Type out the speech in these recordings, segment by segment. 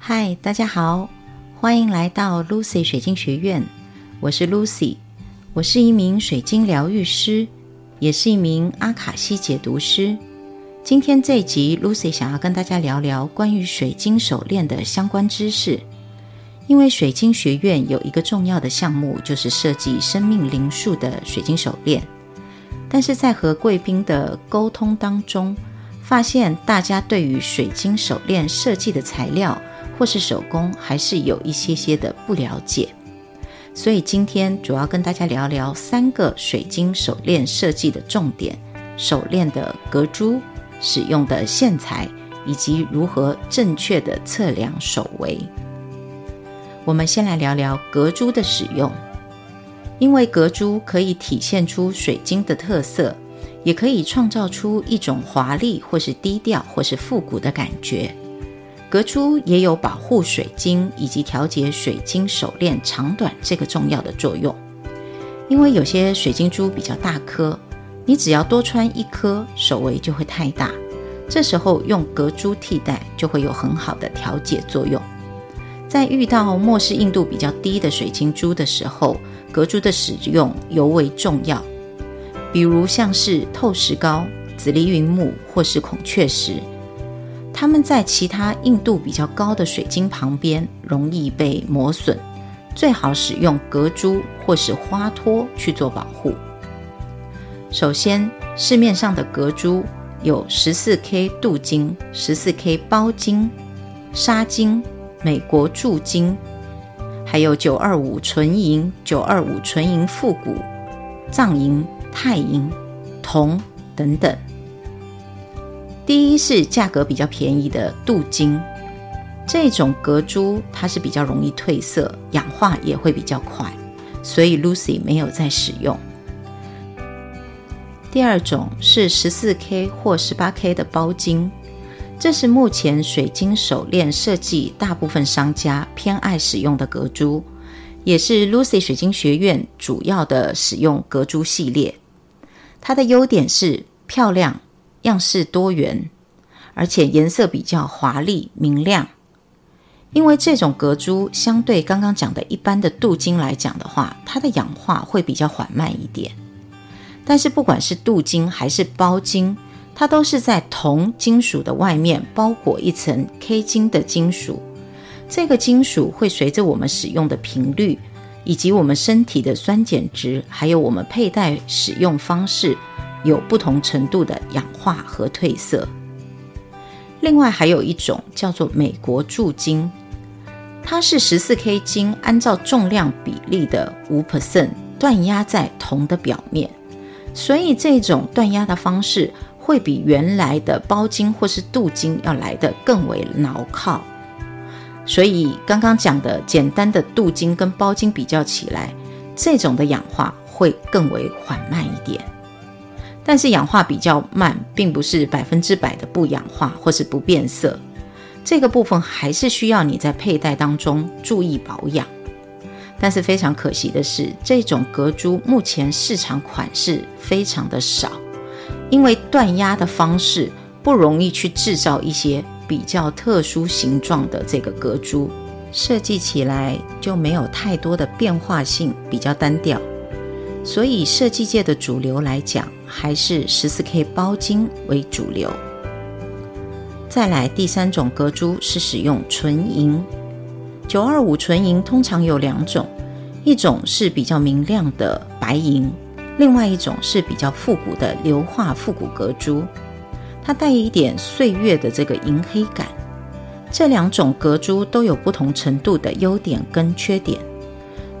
嗨，Hi, 大家好，歡迎來到 Lucy 水晶學院。我是 Lucy，我是一名水晶療癒師，也是一名阿卡西解讀師。今天這一集，Lucy 想要跟大家聊聊關於水晶手鏈的相關知識。因為水晶學院有一個重要的項目，就是設計生命靈數的水晶手鏈。但是在和貴賓的溝通當中，發現大家對於水晶手鏈設計的材料，或是手工，還是有一些些的不了解，所以今天主要跟大家聊聊三個水晶手鏈設計的重點：手鏈的隔珠、使用的線材，以及如何正確的測量手圍。我們先來聊聊隔珠的使用，因為隔珠可以體現出水晶的特色，也可以創造出一種華麗，或是低調，或是復古的感覺。隔珠也有保護水晶以及調節水晶手鏈長短這個重要的作用，因為有些水晶珠比較大顆，你只要多穿一顆，手圍就會太大，這時候用隔珠替代就會有很好的調節作用。在遇到莫氏硬度比較低的水晶珠的時候，隔珠的使用尤為重要，比如像是透石膏、紫鋰雲母或是孔雀石。他們在其他硬度比較高的水晶旁邊容易被磨損，最好使用隔珠或是花托去做保護。首先，市面上的隔珠有 14K 鍍金、14K 包金、砂金、美國鑄金，還有925純銀、925純銀復古、藏銀、鈦銀、銅等等。第一是價格比較便宜的鍍金，這種隔珠，它是比較容易褪色，氧化也會比較快，所以 Lucy 沒有在使用。第二種是十四 K 或十八 K 的包金，這是目前水晶手鏈設計大部分商家偏愛使用的隔珠，也是 Lucy 水晶學院主要的使用隔珠系列。它的優點是漂亮。樣式多元，而且顏色比較華麗明亮。因為這種隔珠，相對剛剛講的一般的鍍金來講的話，它的氧化會比較緩慢一點。但是，不管是鍍金還是包金，它都是在銅金屬的外面包裹一層 K 金的金屬。這個金屬會隨着我們使用的頻率，以及我們身體的酸鹼值，還有我們佩戴使用方式，有不同程度的氧化和褪色。另外還有一種叫做美國柱金，它是十四 K 金按照重量比例的五 percent 鍛壓在銅的表面，所以這種鍛壓的方式會比原來的包金或是鍍金要來得更為牢靠。所以剛剛講的簡單的鍍金跟包金比較起來，這種的氧化會更為緩慢一點。但是氧化比較慢，並不是百分之百的不氧化或是不變色，這個部分還是需要你在佩戴當中注意保養。但是非常可惜的是，這種隔珠目前市場款式非常的少，因為鍛壓的方式不容易去製造一些比較特殊形狀的這個隔珠，設計起來就沒有太多的變化性，比較單調。所以設計界的主流來講。還是 14K 包金為主流。再來，第三種隔珠，是使用純銀，925純銀通常有兩種，一種是比較明亮的白銀，另外一種是比較復古的硫化復古隔珠，它帶一點歲月的這個銀黑感。這兩種隔珠都有不同程度的優點跟缺點。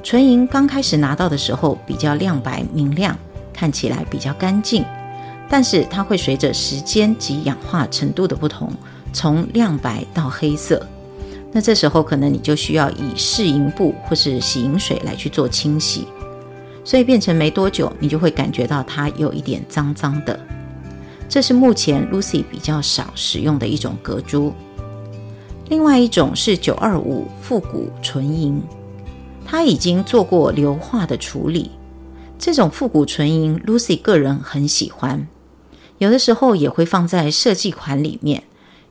純銀剛開始拿到的時候比較亮白明亮。看起來比較乾淨，但是它會隨着時間及氧化程度的不同，從亮白到黑色。那這時候可能你就需要以試銀布或是洗銀水來去做清洗，所以變成沒多久，你就會感覺到它有一點髒髒的。這是目前 Lucy 比較少使用的一種隔珠。另外一種是925復古純銀，它已經做過硫化的處理。這種復古純銀，Lucy 個人很喜歡。有的時候也會放在設計款裡面，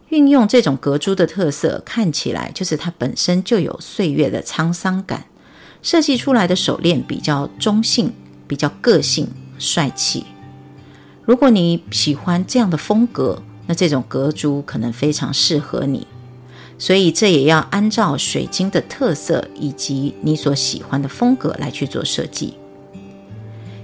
運用這種隔珠的特色，看起來就是它本身就有歲月的滄桑感。設計出來的手鏈比較中性，比較個性、帥氣。如果你喜歡這樣的風格，那這種隔珠可能非常適合你。所以這也要按照水晶的特色以及你所喜歡的風格來去做設計。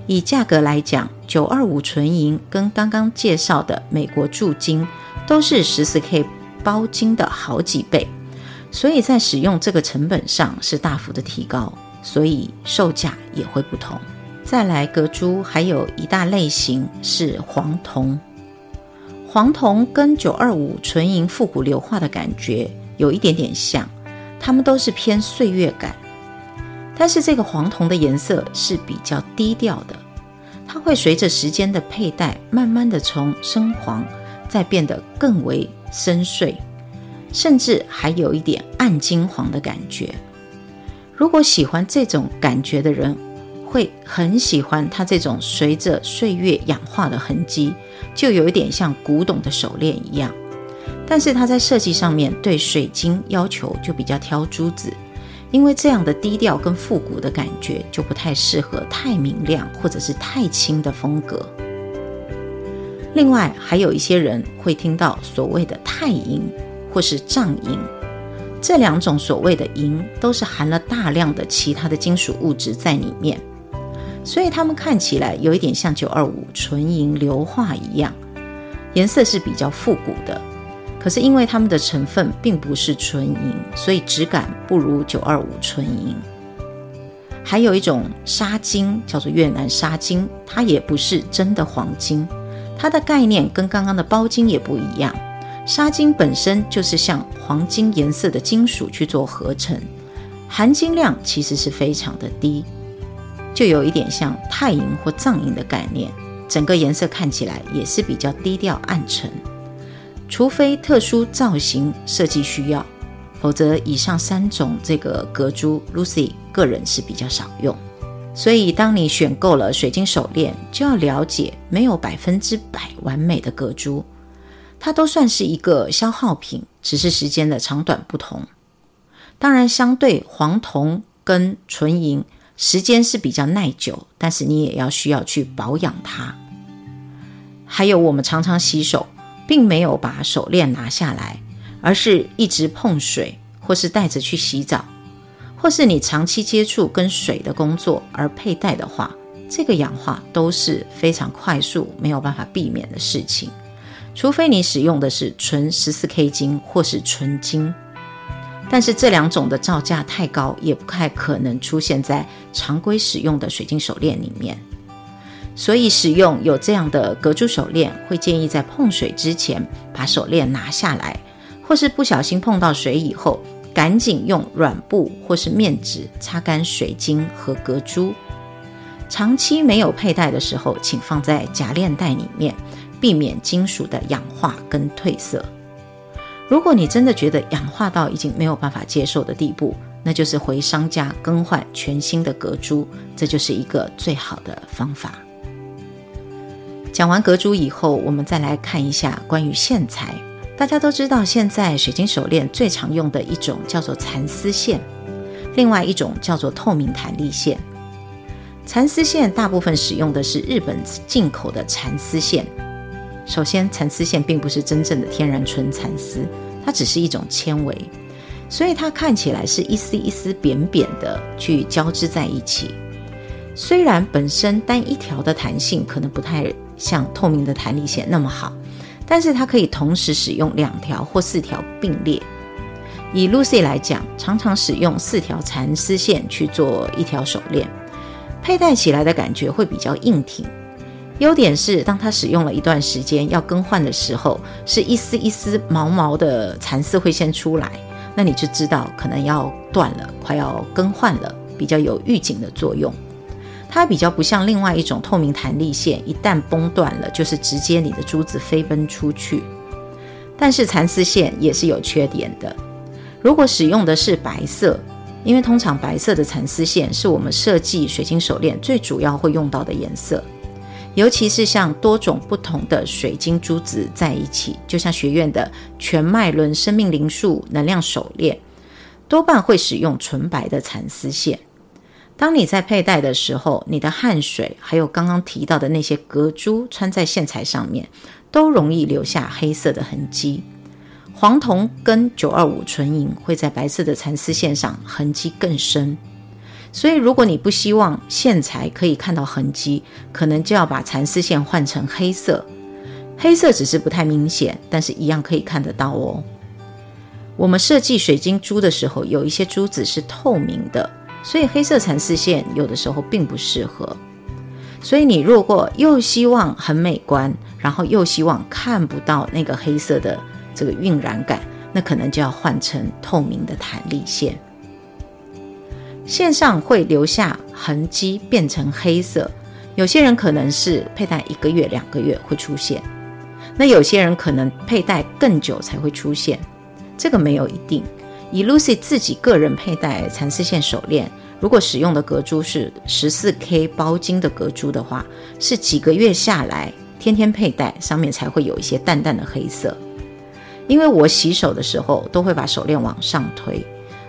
以價格來講，九二五純銀跟剛剛介紹的美國鑄金都是十四 K 包金的好幾倍，所以在使用這個成本上是大幅的提高，所以售價也會不同。再來隔珠還有一大類型是黃銅，黃銅跟九二五純銀復古硫化的感覺有一點點像，它們都是偏歲月感。但是這個黃銅的顏色是比較低調的，它會隨着時間的佩戴，慢慢的從深黃再變得更為深邃，甚至還有一點暗金黃的感覺。如果喜歡這種感覺的人，會很喜歡它這種隨着歲月氧化的痕跡，就有一點像古董的手鏈一樣。但是它在設計上面對水晶要求就比較挑珠子。因為這樣的低調跟復古的感覺，就不太適合太明亮或者是太輕的風格。另外，還有一些人會聽到所謂的泰銀或是藏銀，這兩種所謂的銀都是含了大量的其他的金屬物質在裡面，所以它們看起來有一點像九二五純銀硫化一樣，顏色是比較復古的。可是因為它們的成分並不是純銀，所以質感不如九二五純銀。還有一種砂金叫做越南砂金，它也不是真的黃金，它的概念跟剛剛的包金也不一樣。砂金本身就是像黃金顏色的金屬去做合成，含金量其實是非常的低，就有一點像泰銀或藏銀的概念，整個顏色看起來也是比較低調暗沉。除非特殊造型設計需要，否則以上三種這個隔珠，Lucy 個人是比較少用。所以，當你選購了水晶手鏈，就要了解沒有百分之百完美的隔珠，它都算是一個消耗品，只是時間的長短不同。當然，相對黃銅跟純銀，時間是比較耐久，但是你也要需要去保養它。還有，我們常常洗手。並沒有把手鏈拿下來，而是一直碰水，或是帶着去洗澡，或是你長期接觸跟水的工作而佩戴的話，這個氧化都是非常快速，沒有辦法避免的事情。除非你使用的是純十四 K 金或是純金，但是這兩種的造價太高，也不太可能出現在常規使用的水晶手鏈裡面。所以使用有這樣的隔珠手鏈，會建議在碰水之前把手鏈拿下來，或是不小心碰到水以後，趕緊用軟布或是面紙擦乾水晶和隔珠。長期沒有佩戴的時候，請放在夾鏈袋裡面，避免金屬的氧化跟褪色。如果你真的覺得氧化到已經沒有辦法接受的地步，那就是回商家更換全新的隔珠，這就是一個最好的方法。講完隔珠以後，我們再來看一下關於線材。大家都知道，現在水晶手鏈最常用的一種叫做蠶絲線，另外一種叫做透明彈力線。蠶絲線大部分使用的是日本進口的蠶絲線。首先，蠶絲線並不是真正的天然純蠶絲，它只是一種纖維，所以它看起來是一絲一絲扁扁的去交織在一起。雖然本身單一條的彈性可能不太像透明的彈力線那麼好，但是它可以同時使用兩條或四條並列。以 Lucy 來講，常常使用四條蠶絲線去做一條手鏈，佩戴起來的感覺會比較硬挺。優點是，當它使用了一段時間要更換的時候，是一絲一絲毛毛的蠶絲會先出來，那你就知道可能要斷了，快要更換了，比較有預警的作用。它比較不像另外一種透明彈力線，一旦崩斷了，就是直接你的珠子飛奔出去。但是蠶絲線也是有缺點的，如果使用的是白色，因為通常白色的蠶絲線是我們設計水晶手鏈最主要會用到的顏色，尤其是像多種不同的水晶珠子在一起，就像學院的全脈輪生命靈數能量手鏈，多半會使用純白的蠶絲線。當你在佩戴的時候，你的汗水還有剛剛提到的那些隔珠穿在線材上面，都容易留下黑色的痕迹。黃銅跟925純銀會在白色的蠶絲線上痕迹更深。所以，如果你不希望線材可以看到痕迹，可能就要把蠶絲線換成黑色。黑色只是不太明顯，但是一樣可以看得到哦。我們設計水晶珠的時候，有一些珠子是透明的。所以黑色蠶絲線有的時候並不適合，所以你如果又希望很美觀，然後又希望看不到那個黑色的這個暈染感，那可能就要換成透明的彈力線。線上會留下痕迹變成黑色，有些人可能是佩戴一個月、兩個月會出現，那有些人可能佩戴更久才會出現，這個沒有一定。以 Lucy 自己個人佩戴蠶絲線手鏈，如果使用的隔珠是 14K 包金的隔珠的話，是幾個月下來天天佩戴，上面才會有一些淡淡的黑色。因為我洗手的時候都會把手鏈往上推，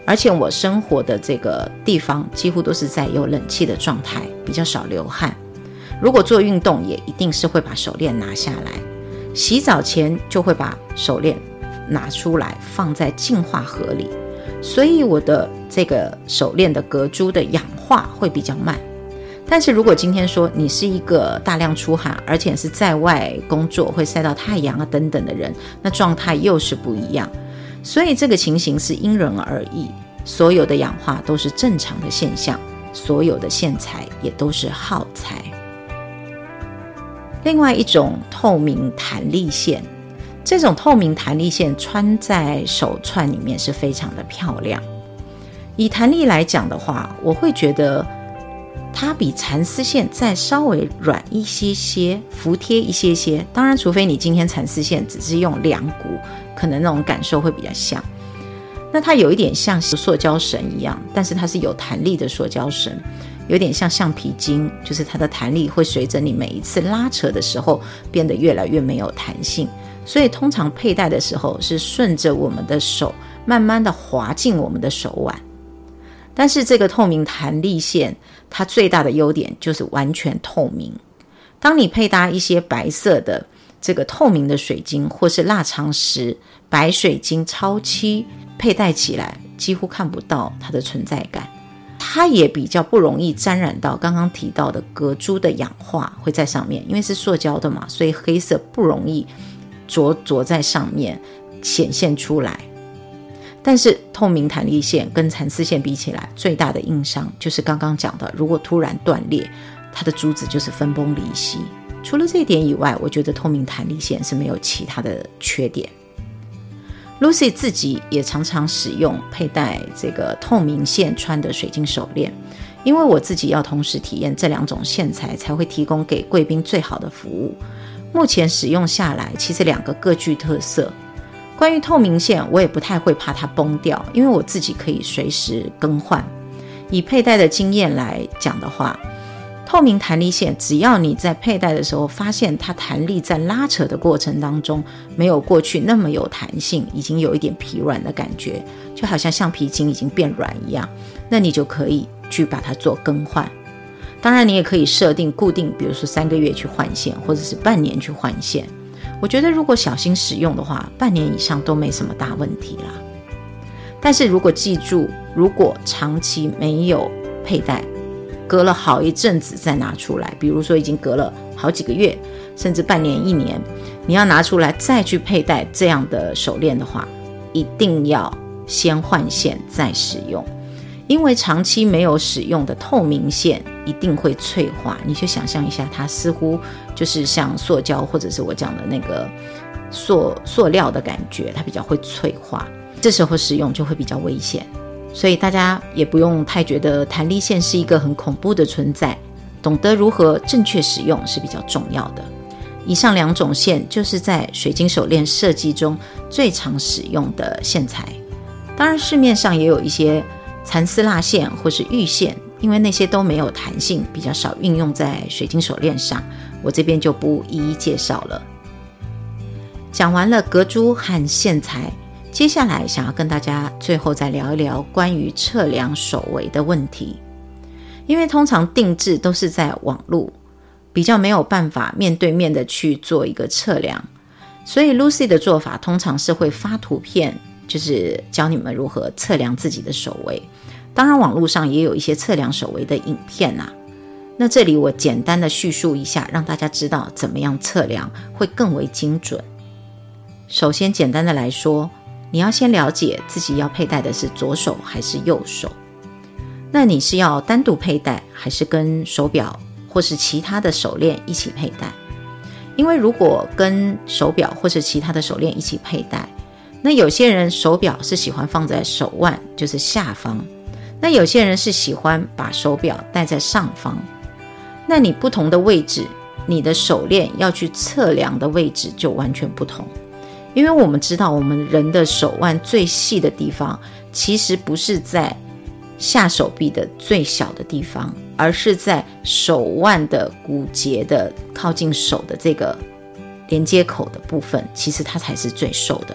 而且我生活的這個地方幾乎都是在有冷氣的狀態，比較少流汗。如果做運動也一定是會把手鏈拿下來，洗澡前就會把手鏈。拿出來放在淨化盒裡，所以我的這個手鏈的隔珠的氧化會比較慢。但是如果今天說你是一個大量出汗，而且是在外工作會曬到太陽啊等等的人，那狀態又是不一樣。所以這個情形是因人而異，所有的氧化都是正常的現象，所有的線材也都是耗材。另外一種透明彈力線。這種透明彈力線穿在手串裡面是非常的漂亮。以彈力來講的話，我會覺得它比蠶絲線再稍微軟一些些，服帖一些些。當然，除非你今天蠶絲線只是用兩股，可能那種感受會比較像。那它有一點像是塑膠繩一樣，但是它是有彈力的塑膠繩，有點像橡皮筋，就是它的彈力會隨着你每一次拉扯的時候變得越來越沒有彈性。所以通常佩戴的時候是順着我們的手，慢慢地滑進我們的手腕。但是這個透明彈力線，它最大的優點就是完全透明。當你配搭一些白色的這個透明的水晶或是拉長石、白水晶超、超七佩戴起來，幾乎看不到它的存在感。它也比較不容易沾染到剛剛提到的隔珠的氧化會在上面，因為是塑膠的嘛，所以黑色不容易着着在上面顯現出來，但是透明彈力線跟蠶絲線比起來，最大的硬傷就是剛剛講的，如果突然斷裂，它的珠子就是分崩離析。除了這一點以外，我覺得透明彈力線是沒有其他的缺點。Lucy 自己也常常使用佩戴這個透明線穿的水晶手鏈，因為我自己要同時體驗這兩種線材，才會提供給貴賓最好的服務。目前使用下來，其實兩個各具特色。關於透明線，我也不太會怕它崩掉，因為我自己可以隨時更換。以佩戴的經驗來講的話，透明彈力線，只要你在佩戴的時候發現它彈力在拉扯的過程當中沒有過去那麼有彈性，已經有一點疲軟的感覺，就好像橡皮筋已經變軟一樣，那你就可以去把它做更換。當然，你也可以設定固定，比如說三個月去換線，或者是半年去換線。我覺得如果小心使用的話，半年以上都沒什麼大問題啦。但是如果記住，如果長期沒有佩戴，隔了好一陣子再拿出來，比如說已經隔了好幾個月，甚至半年、一年，你要拿出來再去佩戴這樣的手鏈的話，一定要先換線再使用。因為長期沒有使用的透明線一定會脆化，你去想象一下，它似乎就是像塑膠或者是我講的那個塑塑料的感覺，它比較會脆化。這時候使用就會比較危險，所以大家也不用太覺得彈力線是一個很恐怖的存在，懂得如何正確使用是比較重要的。以上兩種線就是在水晶手鏈設計中最常使用的線材，當然市面上也有一些。蠶絲蠟線或是玉線，因為那些都沒有彈性，比較少運用在水晶手鏈上，我這邊就不一一介紹了。講完了隔珠和線材，接下來想要跟大家最後再聊一聊關於測量手圍的問題，因為通常定制都是在網路，比較沒有辦法面對面的去做一個測量，所以 Lucy 的做法通常是會發圖片。就是教你們如何測量自己的手圍，當然網絡上也有一些測量手圍的影片吶。那這裡我簡單的敘述一下，讓大家知道怎麼樣測量會更為精準。首先，簡單的來說，你要先了解自己要佩戴的是左手還是右手。那你是要單獨佩戴，還是跟手錶或是其他的手鏈一起佩戴？因為如果跟手錶或是其他的手鏈一起佩戴，那有些人手錶是喜歡放在手腕，就是下方，那有些人是喜歡把手錶戴在上方。那你不同的位置，你的手鏈要去測量的位置就完全不同。因為我們知道，我們人的手腕最細的地方其實不是在下手臂的最小的地方，而是在手腕的骨節的靠近手的這個連接口的部分，其實它才是最瘦的。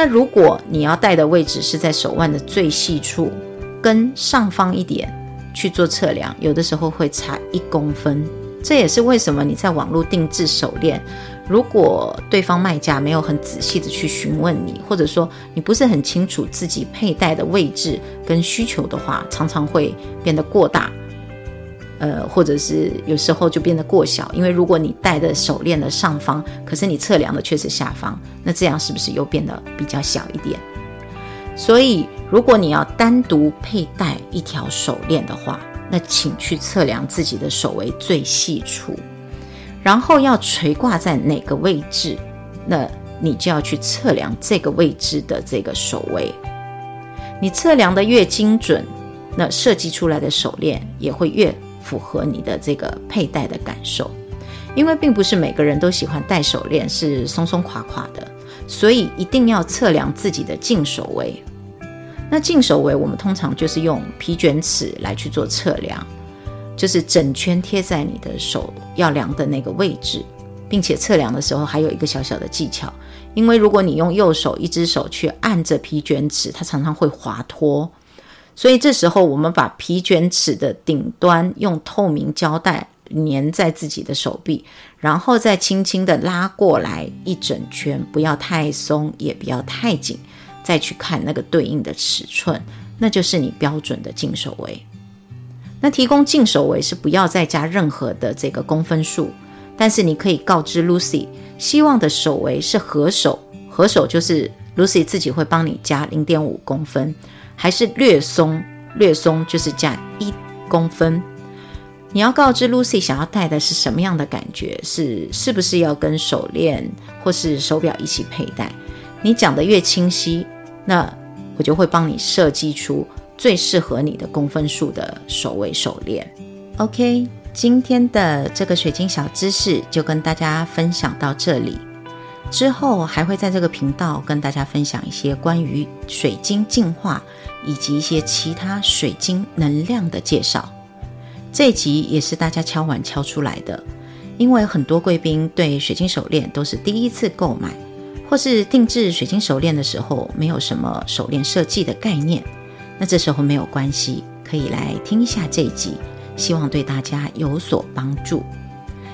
那如果你要戴的位置是在手腕的最細處，跟上方一點去做測量，有的時候會差一公分。這也是為什麼你在網絡定制手鏈，如果對方賣家沒有很仔細的去詢問你，或者說你不是很清楚自己佩戴的位置跟需求的話，常常會變得過大。呃，或者是有時候就變得過小，因為如果你戴的手鏈的上方，可是你測量的卻是下方，那這樣是不是又變得比較小一點？所以，如果你要單獨佩戴一條手鏈的話，那請去測量自己的手圍最細處，然後要垂掛在哪個位置，那你就要去測量這個位置的這個手圍。你測量的越精準，那設計出來的手鏈也會越符合你的這個佩戴的感受，因為並不是每個人都喜歡戴手鏈是鬆鬆垮垮的，所以一定要測量自己的淨手圍。那淨手圍我們通常就是用皮捲尺來去做測量，就是整圈貼在你的手要量的那個位置，並且測量的時候還有一個小小的技巧，因為如果你用右手一隻手去按着皮捲尺，它常常會滑脫。所以這時候，我們把皮卷尺的頂端用透明膠帶粘在自己的手臂，然後再輕輕地拉過來一整圈，不要太鬆，也不要太緊，再去看那個對應的尺寸，那就是你標準的淨手圍。那提供淨手圍是不要再加任何的這個公分數，但是你可以告知 Lucy 希望的手圍是合手，合手就是 Lucy 自己會幫你加零點五公分。還是略鬆，略鬆就是加一公分。你要告知 Lucy 想要戴的是什麼樣的感覺，是是不是要跟手鏈或是手表一起佩戴？你講得越清晰，那我就會幫你設計出最適合你的公分數的手圍手鏈。OK，今天的這個水晶小知識就跟大家分享到這裡。之後還會在這個頻道跟大家分享一些關於水晶淨化以及一些其他水晶能量的介紹。這集也是大家敲碗敲出來的，因為很多貴賓對水晶手鏈都是第一次購買，或是定制水晶手鏈的時候沒有什麼手鏈設計的概念。那這時候沒有關係，可以來聽一下這一集，希望對大家有所幫助。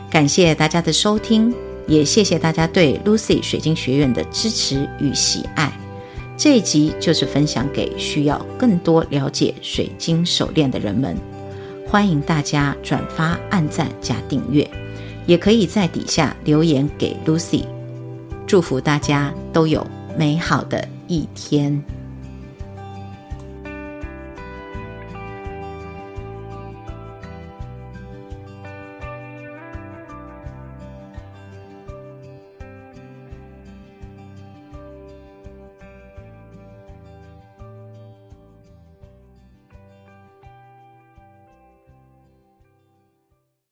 感謝大家的收聽。也謝謝大家對 Lucy 水晶學院的支持與喜愛。這一集就是分享給需要更多了解水晶手鏈的人們。歡迎大家轉發、按讚、加訂閱，也可以在底下留言給 Lucy。祝福大家都有美好的一天。